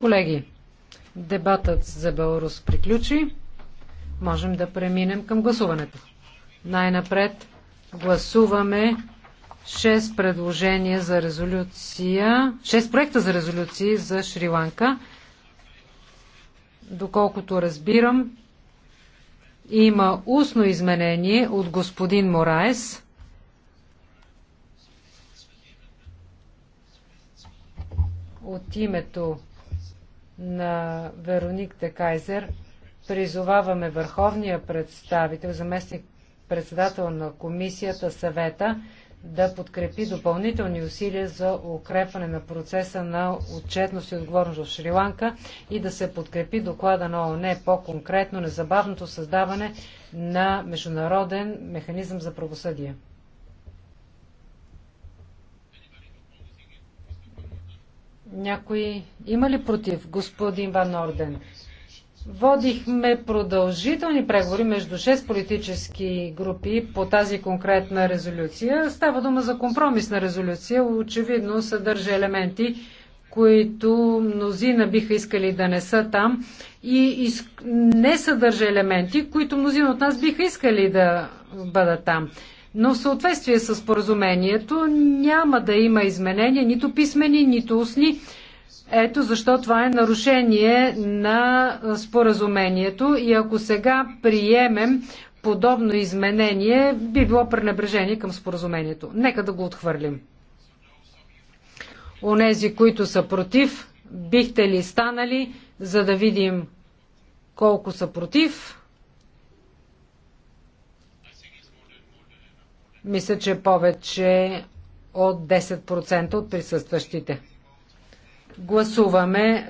Колеги, дебатът за Беларус приключи. Можем да преминем към гласуването. Най-напред гласуваме 6 предложения за резолюция, 6 проекта за резолюции за Шри-Ланка. Доколкото разбирам, има устно изменение от господин Мораес – от името на Вероник Кайзер призоваваме върховния представител, заместник председател на комисията, съвета да подкрепи допълнителни усилия за укрепване на процеса на отчетност и отговорност в Шри-Ланка и да се подкрепи доклада на ООН по-конкретно незабавното създаване на международен механизъм за правосъдие. Някой има ли против господин Ван Орден? Водихме продължителни преговори между 6 политически групи по тази конкретна резолюция. Става дума за компромисна резолюция. Очевидно съдържа елементи, които мнозина биха искали да не са там и не съдържа елементи, които мнозина от нас биха искали да бъдат там. Но в съответствие с споразумението няма да има изменения, нито писмени, нито устни. Ето защо това е нарушение на споразумението и ако сега приемем подобно изменение, би било пренебрежение към споразумението. Нека да го отхвърлим. Онези, които са против, бихте ли станали, за да видим колко са против? Мисля, че повече от 10% от присъстващите. Гласуваме